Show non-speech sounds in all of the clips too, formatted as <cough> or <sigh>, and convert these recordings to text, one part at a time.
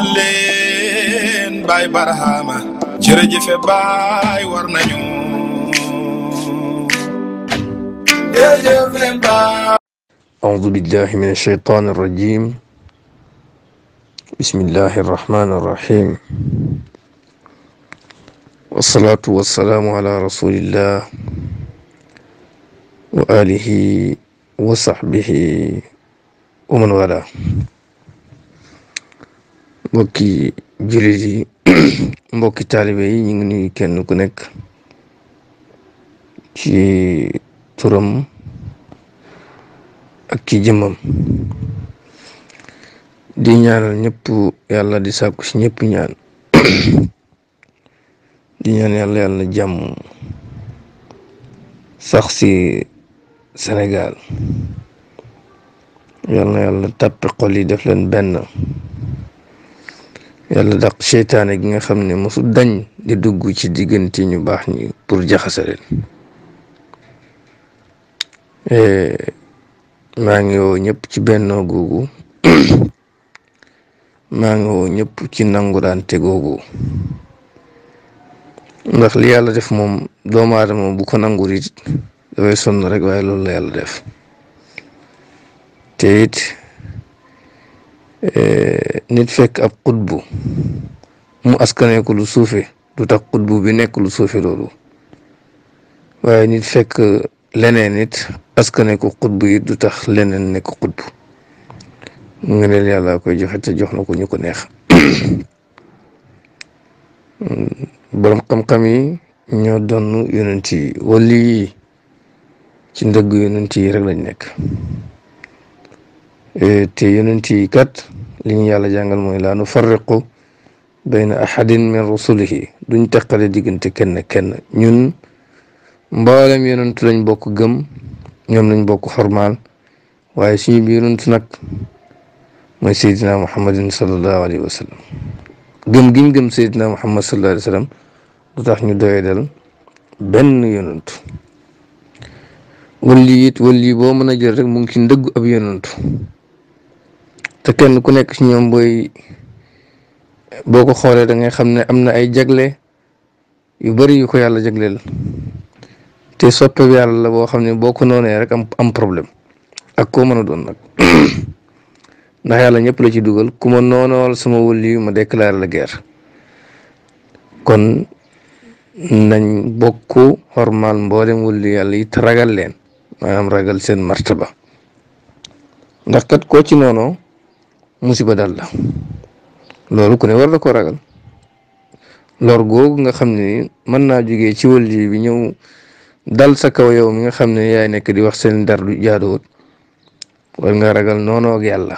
leen baay barahama jërëjëfe baay war nañu jërëjëfe baay أعوذ بالله من الشيطان الرجيم بسم الله الرحمن الرحيم والصلاة والسلام على رسول الله وآله وصحبه ومن والاه mbokki jullit yi <clears throat> mbokki taalibe yi ñu ngi nuyu kenn ku nekk ci turam ak ci jëmmam di ñaanal ñëpp yàlla di sàkku si ñëpp ñaan <clears throat> di ñaan yàlla yàlla jàmm sax si Sénégal yàlla yàlla tàppi xol yi def leen benn yàlla daq seytaane gi nga xam ne mosu dañ di dugg ci diggante ñu baax ñi pour jaxase e, maa ngi woo ñëpp ci bennoo googu <coughs> maa ngi woo ñëpp ci nangurante googu ndax li yàlla def moom doomu aadama bu ko nangurit dafay sonn rek waaye loolu la yàlla def te it Eh, nit fekk ab xutbu mu askane ko suufe du tax xutbu bi nekk lu suufe loolu waaye nit fekk leneen nit askane ko xutbu yi du tax leneen nekk xutbu nga leen yàlla koy joxe te jox na ko ñu ko neex <coughs> borom xam yi ñoo doon yonent yi wali yi ci ndëgg yonent yi rek lañ nekk Eh, te yonent yi kat li yàlla jàngal mooy laa nu farriqu bayna ahadin min rusulihi duñ teqale diggante kenn kenn ñun mboolem yonent lañ bokk gëm ñoom lañ bokk xormaal waaye suñu bi yonent nag mooy Seydina Muhammadin sallallahu alayhi wa sallam gëm giñ gëm Seydina Muhammad sallallahu alayhi wa sallam du tax ñu doyee dal benn yonent wali it wali boo mën a jël rek mu ngi ci ndëggu ab yonent te kenn ku nekk ci ñoom booy boo ko xoolee da xam ne am na ay jagle yu bari yu ko yàlla jagleel te soppe bi yàlla la boo xam ne boo ko noonee rek am am problème ak koo mën a doon nag <coughs> ndax yàlla ñëpp la ci dugal ku ma noonool sama wëli ma déclaré la guerre kon nañ bokk xormaal mboolem wëli yàlla it ragal leen maanaam ragal seen martaba ndax kat koo ci noonoo musiba dal la loolu ku ne war na ko ragal lor googu nga xam ne mën naa jógee ci wàllu bi ñëw dal sa kaw yow mi nga xam ne yaay nekk di wax seen dar du jaaduwut war nga ragal noonu ak yàlla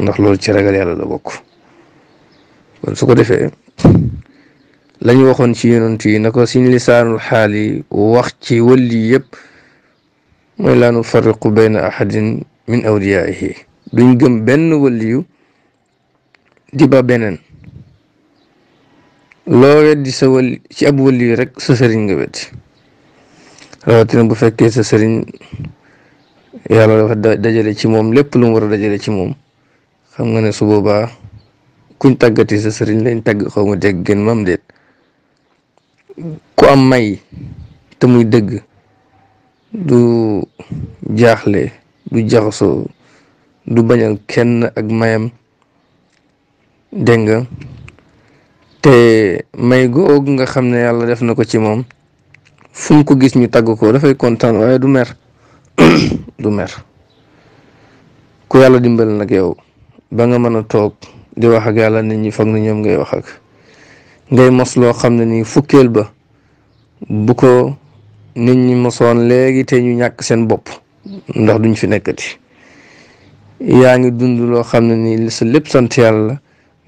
ndax loolu ci ragal yàlla la bokk kon su ko defee lañu waxoon ci yonent yi na ko suñ lisaanul xaal wax ci wàllu yëpp mooy laa nufarriqu bayna ahadin min awliyaa'ihi duñ gën benn waliyu di ba beneen loo weddi sa wali ci ab waliyu rek sa sëriñ nga weddi rawatina bu fekkee sa sëriñ yàlla dafa dajale ci moom lépp lu mu war dajale ci moom xam nga ne su boobaa kuñ tàggati sa sëriñ lañ tagg xaw ma dégg gën mam déet ku am may te muy dëgg du jaaxle du jaxasoo du bañal kenn ak mayam dégg nga te may googu nga xam ne yàlla def na ko ci moom fu mu ko gis ñu tagg ko dafay kontaan waaye du mer <coughs> du mer ku yàlla dimbal nag yow ba nga mën a toog di wax ak yàlla nit ñi foog na ñoom ngay wax ak ngay mos loo xam ne nii fukkeel ba bu ko nit ñi mosoon léegi te ñu ñàkk seen bopp ndax duñ fi nekkati. yaa ngi dund loo xam ne nii sa lépp sant yàlla la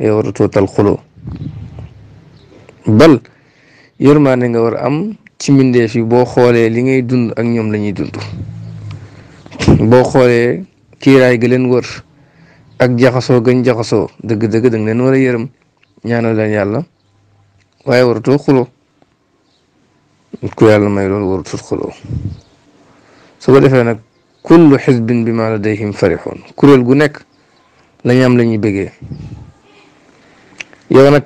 yow waratoo tal xuloo bal yërmaande nga war a am ci mbindeef yi boo xoolee li ngay dund ak ñoom la ñuy dund boo xoolee kiiraay gi leen wër ak jaxasoo gën jaxasoo dëgg-dëgg da nga leen war a yërëm ñaanal leen yàlla waaye waratoo xuloo ku yàlla may loolu waratut xuloo su ko defee nag kullu xisbin bi ma ladayhim farixoon kuréel gu nekk lañu am la ñuy bëggee yow nag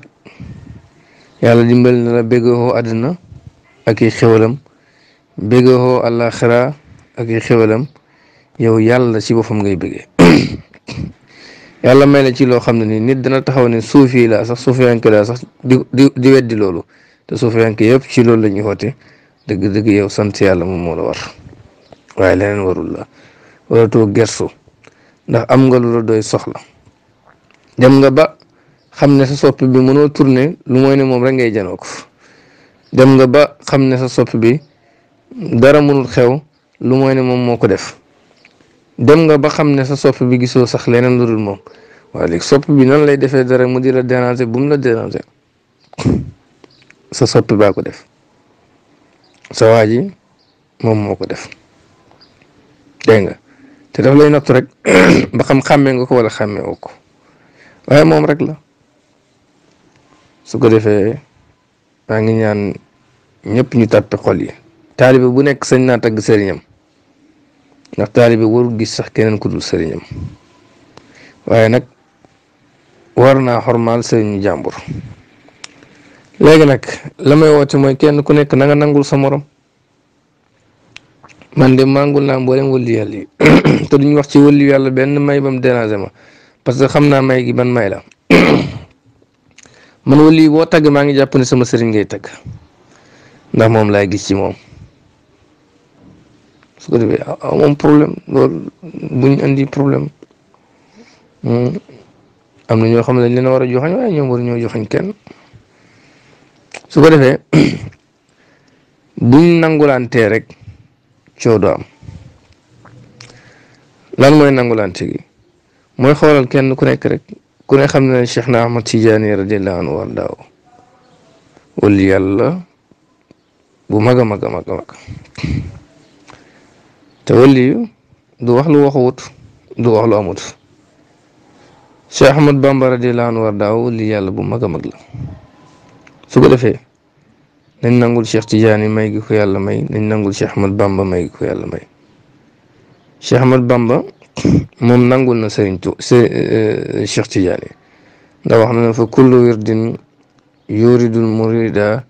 yàlla dimbal na la béggeexoo àddina ak i xewalam béggeexoo àllaaxira ak i xewalam yow yàlla ci boppam ngay bëggee <coughs> yàlla may la ci loo xam ne nii nit dana taxaw ne suufi laa sax suufiyanke laa sax di di di weddi loolu te suufiyanke yëpp ci loolu la ñuy xoote dëgg-dëgg yow sant yàlla moom moo la war waaye leneen warul la waratoo gersu ndax am nga lu la doy soxla dem nga ba xam ne sa soppi bi mënoo tourner lu mooy ne moom rek ngay janoo ko dem nga ba xam ne sa soppi bi dara mënul xew lu mooy ne moom moo ko def dem nga ba xam ne sa soppi bi gisoo sax leneen lu dul moom waaye léegi soppi bi nan lay defee dara mu di la déranger bu mu la déranger sa soppi baa ko def sa waa ji moom moo ko def dégg nga te daf lay natt rek <clears throat> ba xam xàmmee nga ko walla xàmmee woo ko waaye moom rek la su ko defee maa ngi ñaan ñëpp ñu tàppe xol yi. taalibe bu nekk sañ naa tagg sëriñam ndax taalibe warul gis sax keneen ku dul sëriñam waaye nag war naa xor xormaal sëriñu jàmbur léegi nag la may woote mooy kenn ku nekk na nga nangul sa morom. man de màngul naa mboolem wëllu yàlla yi <clears throat> te duñ wax ci wëllu yàlla benn may ba mu déranger ma parce que xam naa may gi man may la <clears throat> man wëllu yi boo tagg maa ngi jàpp ne sama sëriñ ngay tagg ndax moom laay gis ci moom su ko defee aw moom problème loolu hmm. am na ñoo xam ne dañ leen war a joxañ waaye ñoom war ñoo joxañ kenn su ko defee <clears throat> buñ nangulantee rek. coow du am lan mooy nangulante gi mooy xoolal kenn ku nekk rek ku ne xam ne Cheikh na Ahmad Tijaani radiyallahu anhu war daaw wala yàlla bu mag a mag a mag a mag te waliyu du wax lu waxuwut du wax lu amut Cheikh Ahmad Bamba radiyallahu anhu war daaw wali yàlla bu mag a mag la su ko defee nañ nangul Cheikh Tidiane may gi ko yàlla may nañ nangul Cheikh Ahmad Bamba may gi ko yàlla may Cheikh Ahmad Bamba <clears throat> moom nangul na Sëriñ Tu euh, Cheikh Tidiane ndax wax na ne fa kullu wirdin yuridul murida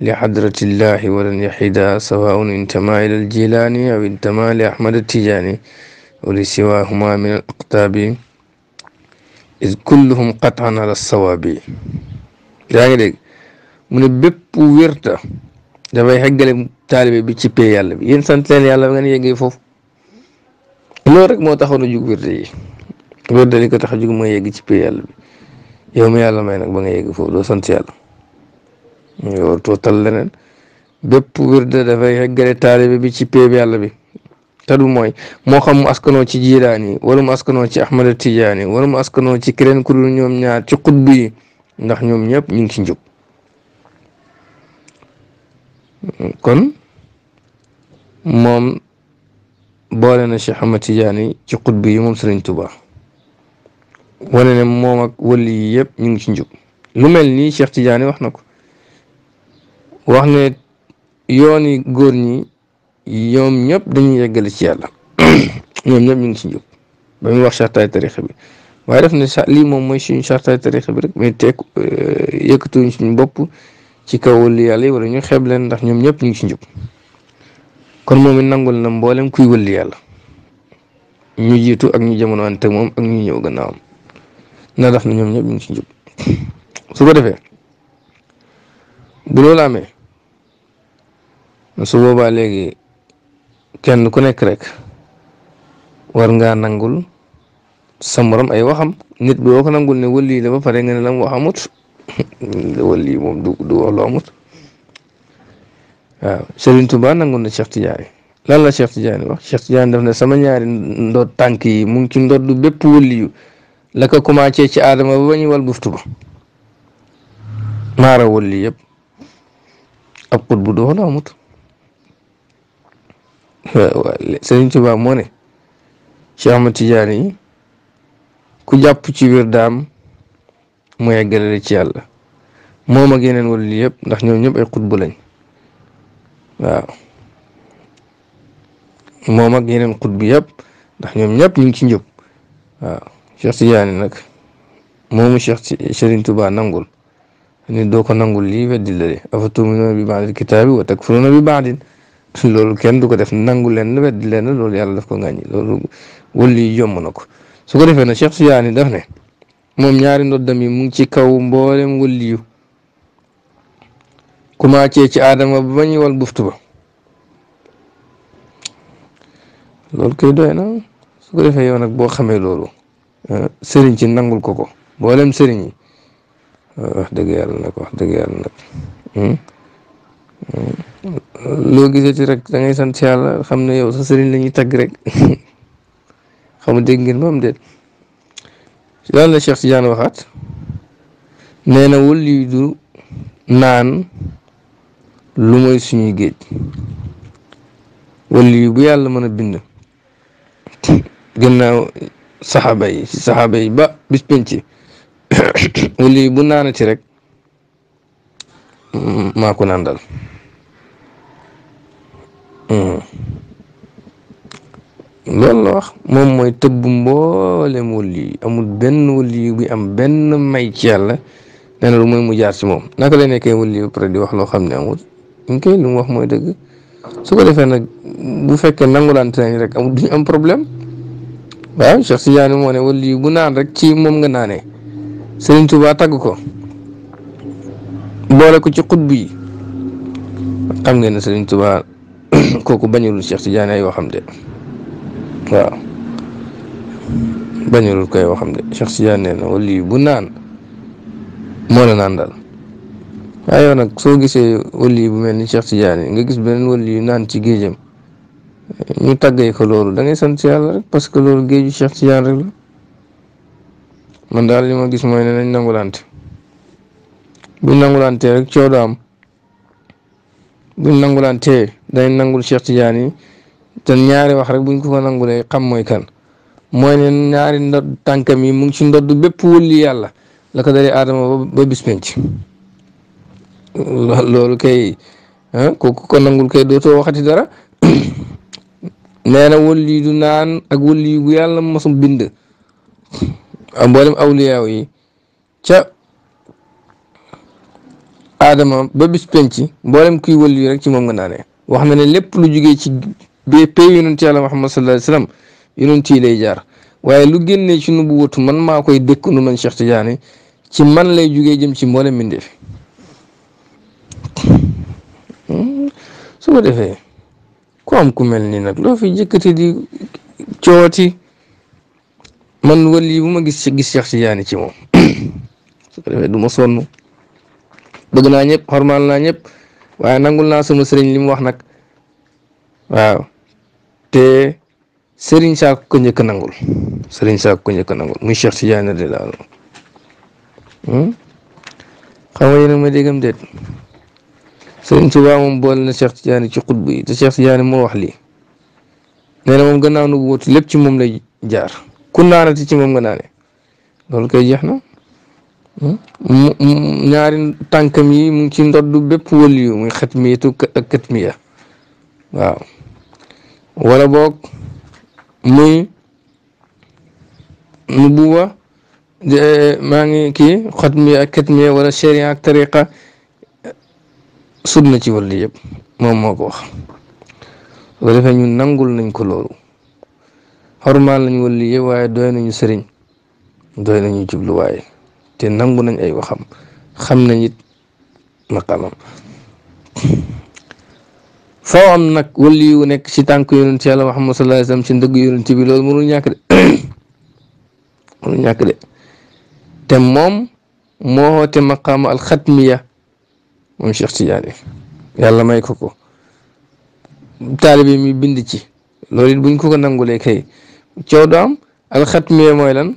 li xadratillahi walan yaxida sawaun intama ila aljilaani aw intama li ahmad tijaani wa li siwahuma min al aqtaabi id kulluhum qatan ala sawaabi yaa ngi dégg mune ne bépp wérta dafay xeggale taalibe bi ci pay yàlla bi yéen sant leen yàlla ba ngeen yeggee foofu loolu rek moo taxoon a jug wérte yi wérte li ko tax a jug mooy yegg ci pay bi yow mi yàlla may nag ba nga yegg foofu doo sant bépp wérte dafay xeggale bi ci pay yàlla bi mooy moo xam mu askanoo ci jiiraani wala mu askanoo ci Ahmada Tijaani wala mu askanoo ci keneen ku dul ñoom ñaar ci xutb ndax ñoom ñëpp ñu ngi ci njub kon moom boole na Cheikh Ahmad Tidiane ci xutb yi moom Sëriñ Tuba wane ne moomak ak wëli yi yëpp ñu ngi ci njub lu mel nii Cheikh Tidiane wax na ko wax ne yooni góor ñi ñoom ñëpp dañuy yeggale ci yàlla <coughs> ñoom ñëpp ñu ngi ci njub ba muy wax chartaay tarixa bi waaye def ne lii moom mooy suñu chartaay tarixa bi rek mais teek euh, yëkkatuñ suñu bopp ci kaw wëlli yàlla yi wala ñu xeeb leen ndax ñoom ñëpp ñu ngi ci njub kon moom it nangul na mboolem kuy wëlli yàlla ñu jiitu ak ñu jamono ante moom ak ñu ñëw gannaawam na daf na ñoom ñëpp ñu ngi ci njub su ko defee bu su boobaa léegi kenn ku nekk rek war ngaa nangul sa morom ay waxam nit boo ko nangul ne wëlli la ba pare nga ne lam waxamut wali <laughs> moom du du amut waaw Serigne Touba nangoon na Cheikh Tidiane lan la Cheikh Tidiane wax daf ne sama ñaari ndood tànk yi mu ngi ci ndodd bépp la ko commencé ci aadama ba ba ñuy wal buftu ba maara wali yëpp ab xut bu du wax lu amut waaw Serigne Touba moo ne Cheikh yi ku jàpp ci wér daam mu yeggale la ci yàlla moom ak yeneen wala lii yëpp ndax ñoom ñëpp ay xutbu lañ waaw moom ak yeneen xutbu yëpp ndax ñoom ñëpp ñu ngi ci njëb waaw Cheikh Tidiane mu moomu Cheikh Serigne Touba nangul ni doo ko nangul lii weddi la de afatuminuuna bi baadil kitaabi wa takfuruuna bi baadin <laughs> loolu kenn du ko def nangu leen weddi leen loolu yàlla daf ko ŋàññi loolu wala lii yomb na ko su ko defee nag Cheikh Tidiane daf ne. moom ñaari ndoddam yi mu ngi ci kaw mboolem wëlliyu commencé ci aadama ba bañu wal buftu ba lool koy doy na su ko defee yow nag boo xamee loolu eh, sëriñ ci nangul ko ko mboolem sëriñ eh, wax dëgg yàlla nag wax dëgg yàlla nag hmm? Hmm? loo gisati rek da sant yàlla xam ne yow sa sëriñ la ñuy tagg rek <laughs> xam nga dégg ngeen moom déet lan la Cheikh Tidiane waxaat nee na wëlli du naan lu mooy géej wëlli bu yàlla mën a bind gannaaw saxaaba yi ci saxaaba yi ba bis penc <coughs> wëlli bu naanati rek mm, maa ko naan dal mm. loolu la moom mooy tëbb mboolem wulli yi amul benn wulli bi am benn may ci yàlla nee na lu mooy mu jaar ci moom naka lay nekkee wulli ba pare di wax loo xam ne amul ñu koy lu mu wax mooy dëgg su defee nag bu fekkee nangulante nañ rek amul duñu am problème waaw Cheikh Tidiane moo ne wulli bu naan rek ci moom nga naane Serigne Touba tagg ko boole ko ci xutb yi xam ngeen ne Serigne Touba <coughs> kooku bañul Cheikh Tidiane ay waxam de waaw bañulul koy waxam de Cheikh Tidiane nee na wala yu bu naan moo la naan dal waaye nag soo gisee wali bu mel ni Cheikh Tidiane nga gis beneen wali yu naan ci géejam ñu tàggee ko loolu da ngay sant yàlla rek parce que loolu géeju Cheikh Tidiane rek la man ma gis mooy ne nañ nangulante buñ nangulante rek coodo am buñ nangulante dañ nangul Cheikh Tidiane yi te ñaari wax rek buñ ko ko nangulee xam mooy kan mooy ne ñaari ndodd tànkam yi mu ngi ci ndodd bépp wulli yàlla la ko aadama ba bis penc loolu kay ah, ko ko nangul kay dootoo waxati dara <coughs> nee na wulli naan ak wulli yàlla mosum bind <coughs> mboolem awliyaaw yi ca aadama ba bis penc mboolem kuy wulli rek ci moom nga naanee wax na ne lépp lu jugee ci bee pay yonent yàlla Muhammad sallallahu alayhi wa sallam yonent lay jaar waaye lu génnee ci nu bu wutu man maa koy dékk dëkkandu man Cheikh Tidiane ci man lay jugee jëm ci mboolem mbindeef hmm? su ko defee ku am ku mel nii nag loo fi jëkkati di cooti man wali bu ma gis gis Cheikh Tidiane ci moom <coughs> su ko defee du ma sonn bëgg naa ñëpp xormaal naa ñëpp waaye nangul naa sama sëriñ li mu wax nag. waaw te Serigne Sakho ko njëkk nangul Serigne Sakho ko njëkk a nangul muy Cheikh Tidiane de laal hmm? xam nga yéen a ma déggam déet Serigne moom boole na ci xutbu yi te Cheikh Tidiane moo wax lii nee na moom gannaaw nu wóotu lépp ci moom lay jaar ku naanati ci moom ga naane loolu koy jeex na hmm? ñaari tànkam yi mu ngi ci ndoddu bépp wëliyu muy xatmiyatu ak katmiya waaw wala boog muy nubuwa eh, maa ngi kii xatmi ak katmi wala sharia ak tariqa sud na ci wàllu yëpp moom moo ko wax bu defee ñun nangul nañ ko loolu xormaal nañ wàllu yëpp waaye doy nañu sëriñ doy nañu jubluwaay te nangu nañ ay waxam xam nañ it maqamam foo am nag wali wu nekk ci tànk yonent yàlla Muhammad sallallahu alayhi wasallam ci ndëgg yonent bi loolu mënul ñàkk de <coughs> mënul ñàkk de te moom moo xoote maqaama alxatmiya moom Cheikh Tidiane yàlla may ko ko taalibi mi bind ci loolu it buñ ko ko nangulee kay coow am alxatmiya mooy lan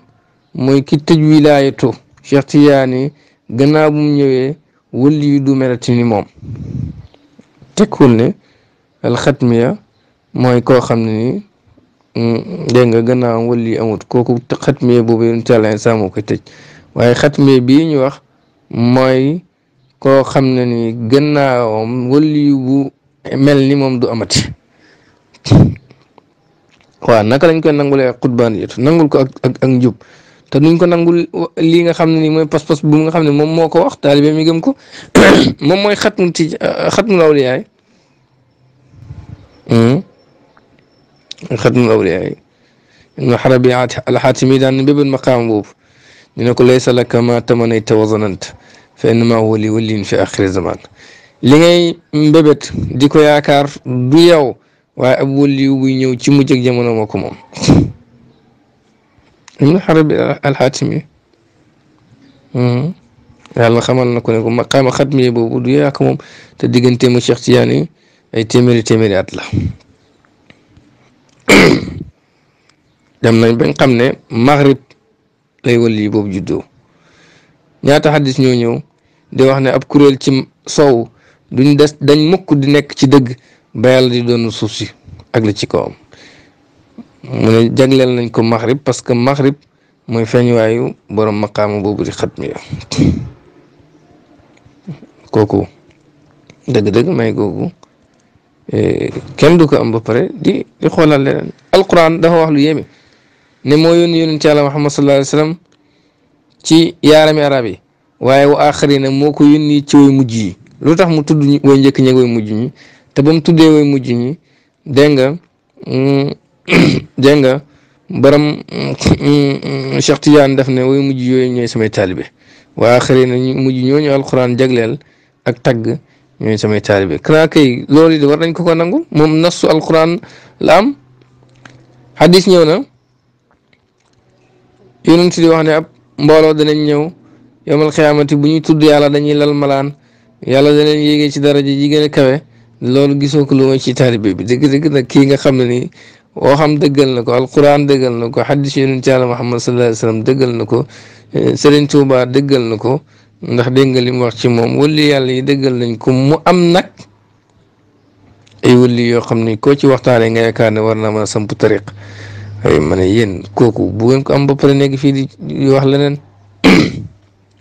mooy ki tëj wilaayatu Cheikh Tidiane gannaaw bu ñëwee wali du melati ni moom tekkul ne alxatmiya mooy koo xam ne ni mm, dégg nga gannaaw wali amut kooku xatmiya boobu yonent yàlla Iisaa moo koy tëj waaye xatmiya bii ñu wax mooy koo xam ne ni gannaawam wali bu mel ni moom du amati <laughs> waaw naka lañ koy nangulee xutbaan yëtu nangul ko ak jub ak njub te duñ ko nangul lii nga xam ne nii mooy pas-pas bu nga xam ne moom moo ko wax taalibe mi gëm ko <coughs> moom mooy xatmu ci xatmu lawliyaay الخدم الأولي إن حربي الحاتمي دان بيب المقام بوب لنقول ليس لك ما تمنيت وظننت فإنما هو اللي لولي في آخر الزمان لغي مببت ديكو ياكار بيو وأبو اللي وينيو تيموجك جمونا مكوم من <laughs> حربي الحاتمي يا الله خمال نكون مقام خدمي بوب ودو ياكم تدقنتي مشيختياني يعني ay téeméeri téeméeri at la dem nañ bañ xam ne maghrib lay wali yi boobu juddoo ñaata xaddis ñoo ñëw di wax ne ab kuréel ci soow duñ des dañ mukk di nekk ci dëgg ba yàlla di doon suuf si ak la ci kawam mu ne jagleel nañ ko maghrib parce que maghrib mooy feeñuwaayu borom maqaama boobu di xatmi ya kooku dëgg-dëgg may googu Eh, kenn du ko am ba pare di di xoolal leneen dafa wax lu yéeme ne moo yónni yónent yàlla Muhammad sallallahu alayhi wa sallam ci yaarami arab yi waaye wa axari nag moo ko yónni ci way mujj yi lu tax mu tudd way njëkk ñeeg way mujj ñi te ba mu tuddee mujj ñi dégg nga mm, <coughs> dégg nga baram mm, Cheikh daf ne way mujj yooyu ñooy samay taalibe waa axari na mujj ñooñu alquran jagleel ak tagg ñooy samay taalibe xanaa kay lool it war nañ ko ko nangu moom nasu alquran la am xadis ñëw na yonent di wax ne ab mbooloo danañ ñëw yowmal xiyaamati bu ñuy tudd yàlla dañuy lal malaan yàlla danañ yéegee ci daraja ji gën kawe loolu gisoo ku lu ma ci taalibe bi dëgg-dëgg nag kii nga xam ne nii woo xam dëggal na ko alquran dëggal na ko xadis yonent yàlla Muhammad sallallahu alayhi wa sallam dëggal na ko eh, Serigne Touba dëggal na ko. ndax dégg nga li mu wax ci moom wëlli yàlla yi dëggal nañ ko mu am nag ay wëlli yoo xam ne koo ci waxtaanee nga yaakaar ne war naa mën a samp tariq ay ma ne yéen kooku bu ngeen ko am ba pare nekk fii di wax leneen <coughs>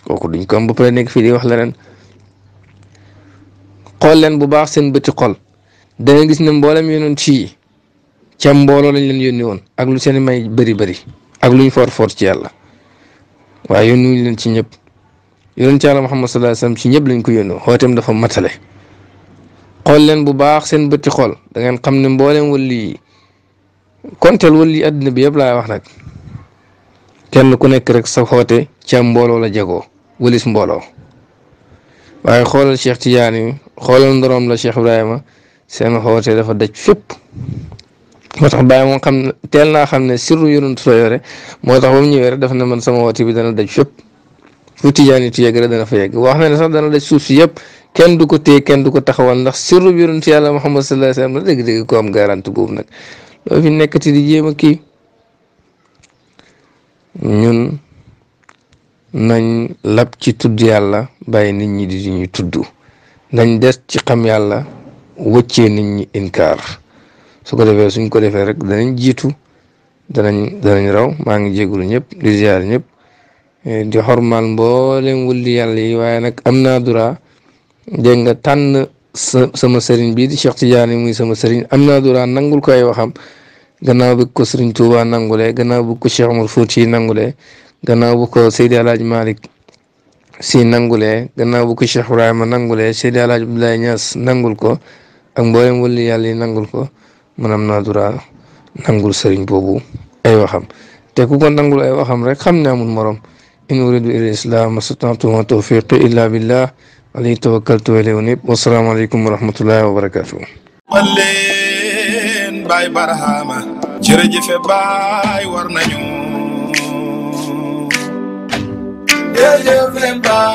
kooku duñ ko am ba pare nekk fii di wax leneen xool leen bu baax seen bëti xol da nga gis ne mboolem yónnoon ci ca mbooloo lañ leen yónni woon ak lu seen may bëri bëri ak luñ for for ci yàlla waaye yónni wuñ leen ci ñëpp. yonent yàlla Muhammad sallallahu alayhi wasallam ci ñëpp lañ ko yónnoo xooteem dafa matale xool leen bu baax seen bëtti xool da ngeen xam ne mbooleem wali yi konteel wali yi àddina bi yëpp laay wax nag kenn ku nekk rek sa xoote ci mbooloo la jagoo wëlis mbooloo waaye xoolal Cheikh Tidiane xoolal ndoroom la Cheikh Ibrahima seen xoote dafa daj fépp moo tax Baye moom xam teel naa xam ne sirru yonent la yore moo tax ba mu ñëwee rek dafa ne man sama woote bi dana daj fépp. fu tijaaniti yegg rek dana fa yegg wax na ne sax dana daj suuf si yëpp kenn du ko téye kenn du ko taxawal ndax sirru bi yonent yàlla Muhammad sallallahu alayhi wa sallam la dégg-dégg ko am garante boobu nag loo fi nekkati di jéem a kii ñun nañ lab ci tudd yàlla bàyyi nit ñi di tudd nañ des ci xam yàlla wëccee nit ñi inkaar su ko defee suñ ko defee rek danañ jiitu danañ danañ raw maa ngi jégalu ñëpp di ziar ñëpp. Eh, di xormaal mboolem wulli yàlla yi waaye nag am naa dura dégg nga tànn sama sëriñ bii di Cheikh Tidiane muy sama sëriñ am na dura nangul ko ay waxam gannaaw bu ko sëriñ Touba nangulee gannaaw bu ko Cheikh nangulee gannaaw bu ko Seydi El Hadj nangulee gannaaw bu ko Cheikh Ibrahima nangulee Seydi El Hadj Abdoulaye nangul ko ak mboolem wulli yàlla yi nangul ko man am naa dura nangul sëriñ boobu ay waxam te ku ko nangul ay waxam rek xam ne amul morom. إن أريد إلى الإسلام واستطعت وما توفيقي إلا بالله عليه توكلت وإليه أنيب والسلام عليكم ورحمة الله وبركاته ولين باي برهاما جرجي في باي ورنانيو جرجي في باي